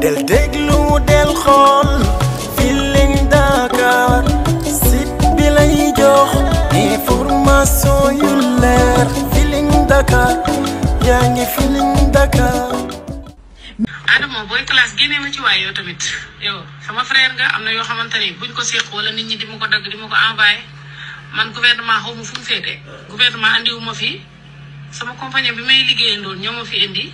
del déglu del xool Feeling Dakar site bi lay jox information yu leer Feeling Dakar yaa ngi Feeling Dakar. Adama booy classe génnee ma ci waay yow tamit yow sama frère nga am na yoo xamante ni buñ ko séq wala nit ñi di ma ko dagg di ma ko envoyé man gouvernement xaw ma fu mu féete gouvernement andiwu ma fi sama compagnie bi may liggéeyandoon ñoo ma fi indi.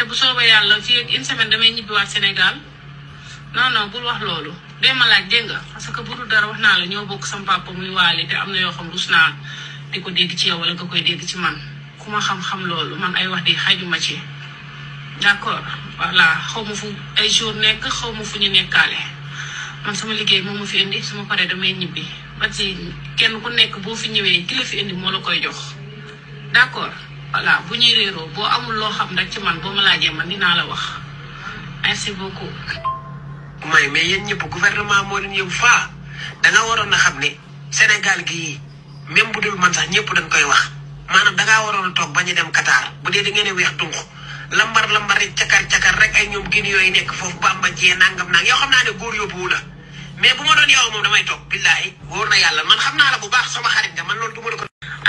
te bu soobee yàlla fii ak une semaine damay waa Sénégal non non bul wax loolu dee ma laaj dégg nga parce que bu dul dara wax naa la ñoo bokk sama papa muy waali te am na yoo xam rus naa di ko dégg ci yow wala nga koy dégg ci man ku ma xam-xam loolu man ay wax di xajuma ci d' accord voilà xaw ma fu ay jour nekk xaw ma fu ñu nekkaale man sama liggéey moom ma fi indi su ma paree damay ñibbi ba ci kenn ku nekk boo fi ñëwee ki la fi indi moo la koy jox voilà bu ñuy réeroo boo amul loo xam rek ci man boo ma laajee man naa la wax merci beaucoup. may mais yéen ñëpp gouvernement moo leen yóbbu faa da nga waroon a xam ne Sénégal gii même bu dul man sax ñëpp dañ koy wax maanaam da ngaa waroon a toog bañ a dem Qatar bu dee da ngeen a weex tunq lambar lambar rek cakar cakar rek ay ñoom gin yooyu nekk foofu bamba jee nangam nang yoo xam naa ne góor yóbbuwu la mais bu ma doon yow moom damay toog billaay wóor yàlla man xam naa la bu baax sama xarit nga man loolu du ko.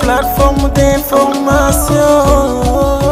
plateforme d'information